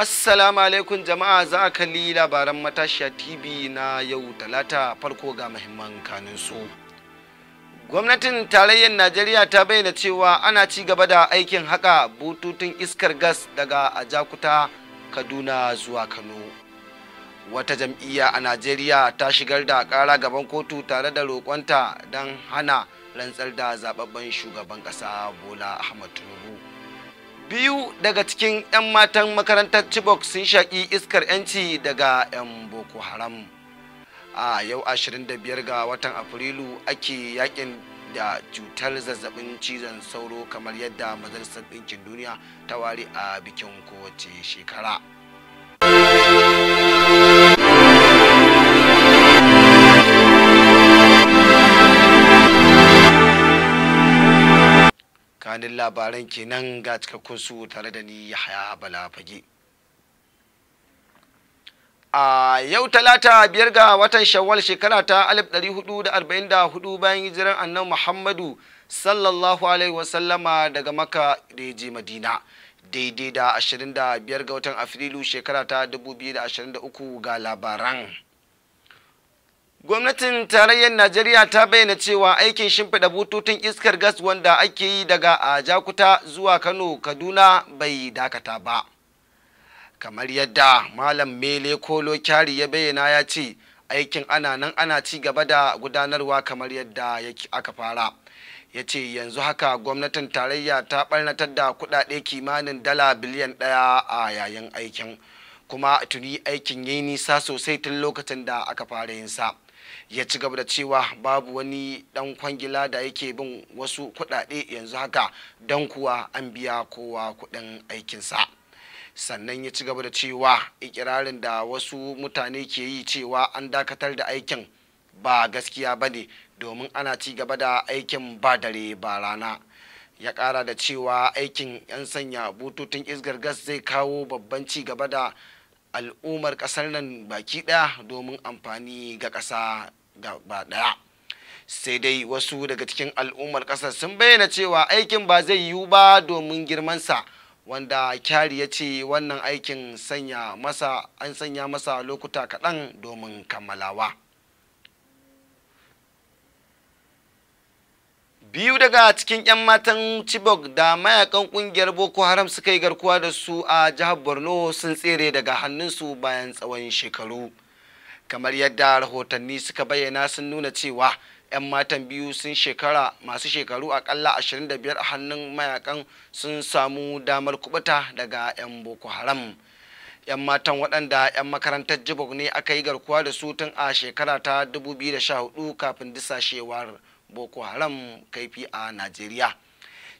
Assalamu alaikum jama'a za a kalli labaran matashiya TV na yau talata farko ga muhimman kanin su. Gwamnatin tarayyar Najeriya ta bayyana cewa ana ci gaba da aikin haka bututun iskar gas daga Ajakuta Kaduna zuwa Kano. Wata jam'iyya a Najeriya ta shigar da ƙara gaban kotu tare da roƙonta don hana rantsar da zababben shugaban ƙasa Bola Ahmad Tinubu. biyu daga cikin 'yan matan makarantar chibok sun shaƙi iskar 'yanci daga 'yan boko haram a yau 25 ga watan afrilu ake yakin da cutar zazzabin cizon sauro kamar yadda majalisar ɗinkin duniya ta wari a bikin kowace shekara. kanin labaran kenan ga cikakkun su tare da ni ya haya bala fage a yau talata biyar ga watan shawwal shekara ta 1444 bayan hijiran annan muhammadu sallallahu alaihi wasallama daga maka da ya je madina daidai da 25 ga watan afrilu shekara ta 2023 ga labaran Gwamnatin tarayyar Najeriya ta bayyana cewa aikin shimfiɗa bututun iskar gas wanda ake yi daga a Jakuta zuwa Kano Kaduna bai dakata ba. Kamar yadda Malam Mele Kolo Kyari ya bayyana ya ce aikin ana nan ana ci gaba da gudanarwa kamar yadda aka fara. Ya ce yanzu haka gwamnatin tarayya ta ɓarnatar da kuɗaɗe kimanin dala biliyan ɗaya a yayin aikin. kuma tuni aikin yayi nisa sosai tun lokacin da aka fara yin sa. ya ci gaba da cewa babu wani dan kwangila da yake bin wasu kudade yanzu haka don kuwa an biya kowa kudin aikinsa sannan ya ci gaba da cewa ikirarin da wasu mutane ke yi cewa an dakatar da aikin ba gaskiya ba ne domin ana ci gaba da aikin ba dare ba rana ya kara da cewa aikin 'yan sanya bututun isgar gas zai kawo babban ci gaba da al'ummar ƙasar nan baki ɗaya domin amfani ga ƙasa gaba ɗaya sai dai wasu daga cikin al'ummar ƙasar sun bayyana cewa aikin ba zai yiwu ba domin girmansa wanda kyari ya ce wannan aikin sanya masa an sanya masa lokuta kaɗan domin kammalawa. biyu daga cikin 'yan matan chibok da mayakan kungiyar boko haram suka yi garkuwa da su a jihar borno sun tsere daga hannunsu bayan tsawon shekaru kamar yadda rahotanni suka bayyana sun nuna cewa 'yan matan biyu sun shekara masu shekaru akalla 25 a hannun mayakan sun samu damar kubuta daga 'yan boko haram 'yan matan waɗanda 'yan makarantar jibok ne aka yi garkuwa da su tun a shekara ta 2014 kafin disashewar boko haram kaifi a najeriya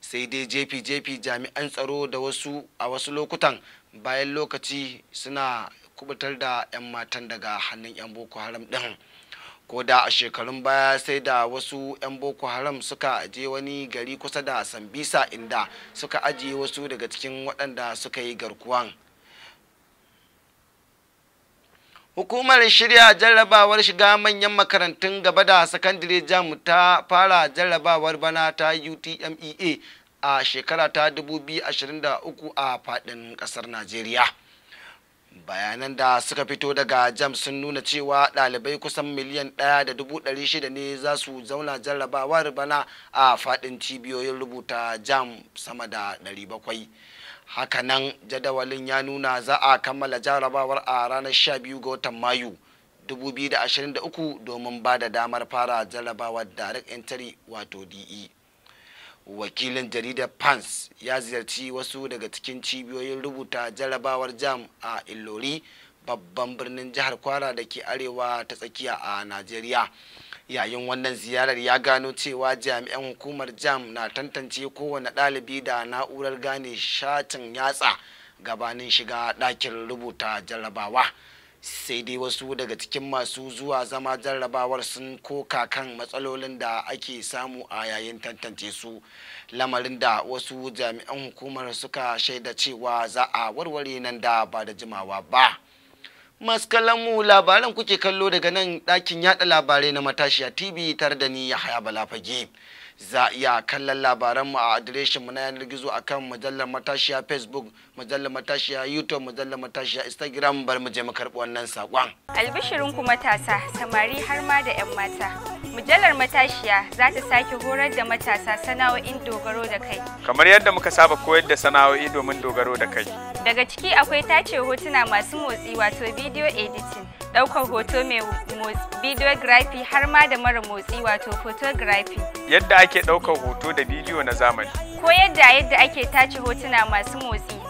sai dai jefi jefi jami'an tsaro da wasu a wasu lokutan bayan lokaci suna kubutar da 'yan matan daga hannun 'yan boko haram din ko da a shekarun baya sai da wasu 'yan boko haram suka je wani gari kusa da sambisa inda suka ajiye wasu daga cikin waɗanda suka yi garkuwan Hukumar shirya jarrabawar shiga manyan makarantun gaba da sakandare jam ta fara jarrabawar bana ta UTMEA a shekara ta 2023 a fadin kasar Najeriya. Bayanan da suka fito daga jam sun nuna cewa dalibai kusan miliyan ɗaya da dubu ɗari shida ne za su zauna jarrabawar bana a fadin cibiyoyin rubuta jam sama da ɗari bakwai. hakanan jadawalin ya nuna za a kammala jarabawar a ranar 12 ga watan mayu 2023 domin ba da damar fara jarabawar direct entry wato de wakilin jaridar pans ya ziyarci wasu daga cikin cibiyoyin rubuta jarabawar jam a illori babban birnin jihar kwara da ke arewa ta tsakiya a najeriya yayin wannan ziyarar ya gano cewa jami'an hukumar jam na tantance kowane ɗalibi da na'urar gane shatin yatsa gabanin shiga ɗakin rubuta jarrabawa sai dai wasu daga cikin masu zuwa zama jarrabawar sun koka kan matsalolin da ake samu a yayin tantance su lamarin da wasu jami'an hukumar suka shaida cewa za a warware nan da ba da jimawa ba. masu mu labaran kuke kallo daga nan ɗakin yaɗa labarai na matashiya tv tare da ni ya haya balafage za a iya kallon labaranmu a adireshinmu na yanar gizo a kan mujallar matashiya facebook mujallar matashiya youtube mujallar matashiya instagram bar mu je mu karɓi wannan saƙon. albishirin ku matasa samari har ma da 'yan mata mujallar matashiya za ta sake horar da matasa sana'o'in dogaro da kai kamar yadda muka saba koyar da sana'o'i domin dogaro da kai daga ciki akwai tace hotuna masu motsi wato video editing ɗaukar hoto mai videography har ma da mara motsi wato photography. Yadda ake ɗaukar hoto da bidiyo na zamani. Ko yadda yadda ake tace hotuna masu motsi.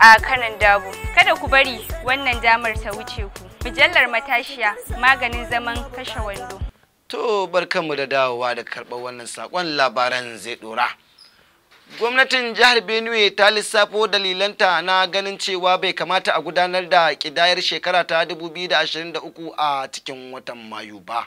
a kanan dabo. Kada ku bari wannan damar ta wuce ku. Mujallar matashiya maganin zaman kashe wando. To barkanmu da dawowa da karɓar wannan saƙon labaran zai ɗora. Gwamnatin jihar Benue ta lissafo dalilanta na ganin cewa bai kamata a gudanar da ƙidayar shekara ta 2023 a cikin watan Mayu ba.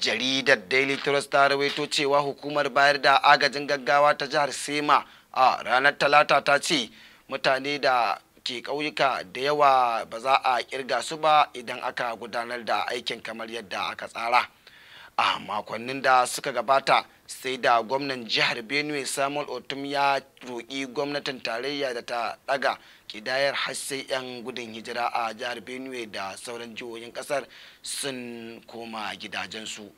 Jaridar Daily Trust ta rawaito cewa hukumar bayar da agajin gaggawa ta jihar Sema a ranar Talata ta ce mutane da ke ƙauyuka da yawa ba za a kirga su ba idan aka gudanar da aikin kamar yadda aka tsara a makonnin da suka gabata sai da gwamnan jihar benue samuel otum ya roƙi gwamnatin tarayya da ta ɗaga kidayar sai 'yan gudun hijira a jihar benue da sauran jihohin ƙasar sun koma gidajensu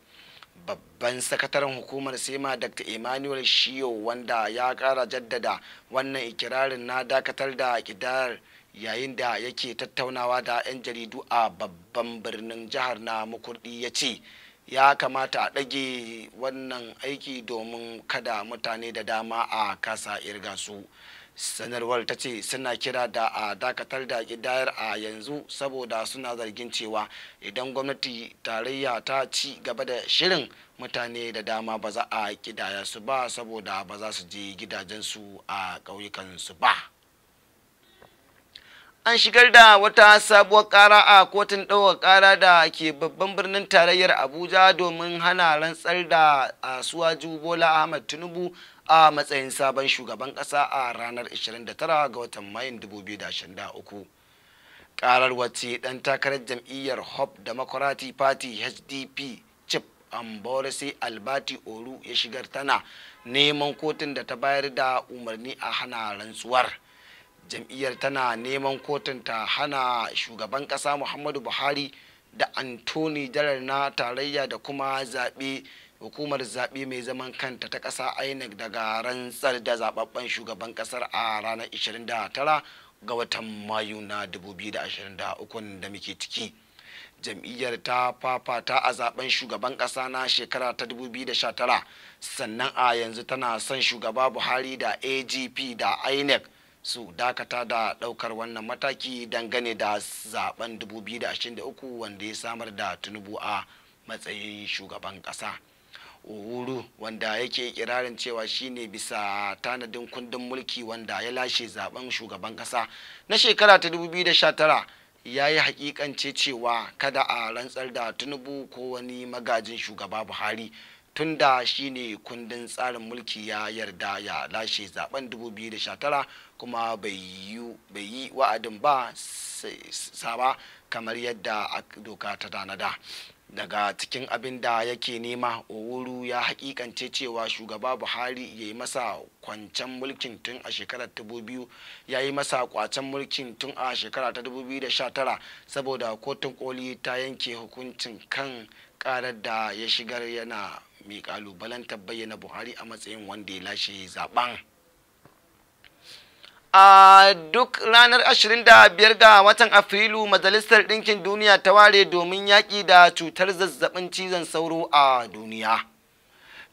babban sakataren hukumar sema dr emmanuel shio wanda ya kara jaddada wannan ikirarin na dakatar da kidar yayin da yake tattaunawa da 'yan jaridu a babban birnin jihar na mukurdi ya ce ya kamata a ɗage wannan aiki domin kada mutane da dama a kasa irga su sanarwar ta ce suna kira da a dakatar da kidayar a yanzu saboda suna zargin cewa idan gwamnati tarayya ta ci gaba da shirin mutane da dama ba za a kidaya su ba saboda ba za su je gidajensu a ƙauyukansu ba. an shigar da wata sabuwar kara a kotun ɗaukar kara da ke babban birnin tarayyar abuja domin hana rantsar da suwaju bola ahmad tinubu a matsayin sabon shugaban ƙasa a ranar 29 ga watan mayun 2023 karar wace ɗan takarar jam'iyyar hop democratic party hdp chip sai albati oru ya shigar tana neman kotun da ta bayar da umarni a hana rantsuwar jam'iyyar tana neman kotun ta hana shugaban ƙasa muhammadu buhari da antoni jarar na tarayya da kuma zaɓe hukumar zaɓe mai zaman kanta ta ƙasa inec daga rantsar da zababben shugaban ƙasar a ranar 29 ga watan mayu na 2023 da muke ciki jam'iyyar ta fafata a zaɓen shugaban ƙasa na shekara ta 2019 sannan a yanzu tana son shugaba buhari da agp da inec su dakata da ɗaukar wannan mataki dangane da zaben 2023 wanda ya samar da tunubu a matsayin shugaban ƙasa. uhuru wanda yake ikirarin cewa shine bisa tanadin kundin mulki wanda ya lashe zaben shugaban kasa na shekara ta 2019 ya yi hakikance cewa kada a rantsar da tinubu ko wani magajin shugaba buhari tunda shine kundin tsarin mulki ya yarda ya lashe zaben 2019 kuma bai yi wa'adin ba saba kamar yadda doka ta tanada daga cikin abin da yake nema owuru ya hakikance cewa shugaba buhari ya yi masa kwancen mulkin tun a shekarar 2000 ya yi masa kwacen mulkin tun a shekara ta 2019 saboda kotun koli ta yanke hukuncin kan karar da ya shigar yana mai kalubalantar bayyana buhari a matsayin wanda ya lashe zaben a duk ranar 25 ga watan afrilu majalisar ɗinkin duniya ta ware domin yaƙi da cutar zazzabin cizon sauro a duniya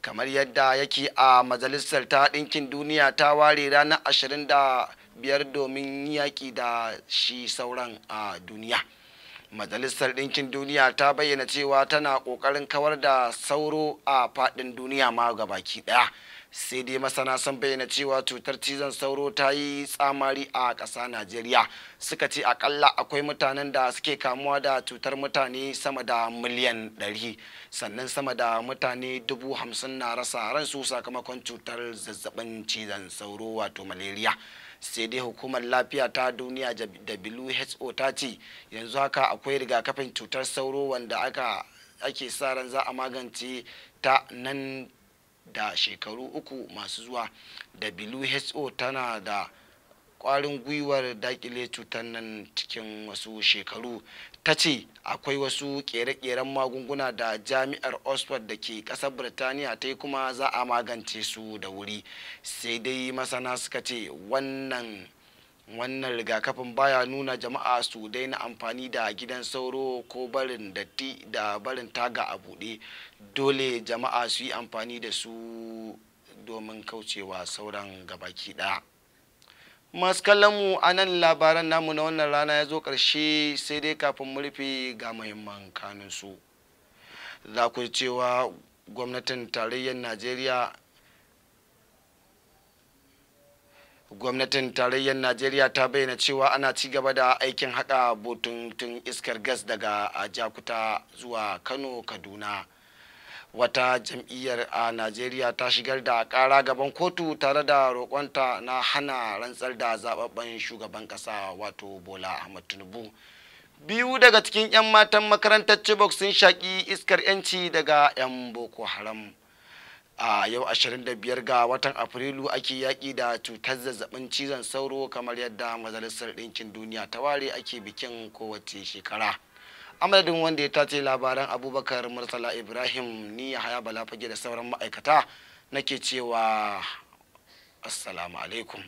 kamar yadda yake a majalisar ta ɗinkin duniya ta ware ranar 25 domin yaƙi da shi sauran a duniya majalisar ɗinkin duniya ta bayyana cewa tana ƙoƙarin kawar da sauro a faɗin duniya ma ga baki ɗaya sai dai masana sun bayyana cewa cutar cizon sauro ta yi tsamari a ƙasa najeriya suka ce akalla akwai mutanen da suke kamuwa da cutar mutane sama da miliyan ɗari sannan sama da mutane dubu hamsin na rasa ransu sakamakon cutar zazzabin cizon sauro wato maleriya. sai dai hukumar lafiya ta duniya who ta ce yanzu haka akwai rigakafin cutar sauro wanda ake sa ran za a magance ta nan da shekaru uku masu zuwa who tana da kwarin gwiwar dakile cutar nan cikin wasu shekaru ta ce akwai wasu kere-keren magunguna da jami'ar oxford da ke kasar birtaniya ta yi kuma za a magance su da wuri sai dai masana suka ce wannan wannan rigakafin baya nuna jama'a su daina amfani da gidan sauro ko barin datti da barin taga a buɗe dole jama'a su yi amfani da su domin kaucewa sauran gabaki ɗaya masu mu a nan labaran namu na wannan rana ya zo ƙarshe sai dai kafin mu rufe ga muhimman kanunsu za ku cewa gwamnatin tarayyar najeriya gwamnatin tarayyar najeriya ta bayyana cewa ana ci gaba da aikin haƙa bututun iskar gas daga jakuta zuwa kano kaduna wata jam'iyyar a najeriya ta shigar da kara gaban kotu tare da roƙonta na hana rantsar da zababben shugaban ƙasa wato bola ahmad tinubu biyu daga cikin 'yan matan makarantar chibok sun shaƙi iskar 'yanci daga 'yan boko haram a yau 25 ga watan afrilu ake yaƙi da cutar zazzabin cizon sauro kamar yadda majalisar ɗinkin duniya ta ware ake bikin kowace shekara. amadadin wanda ya tace labaran abubakar murtala ibrahim ni ya haya bala fage da sauran ma'aikata nake cewa assalamu alaikum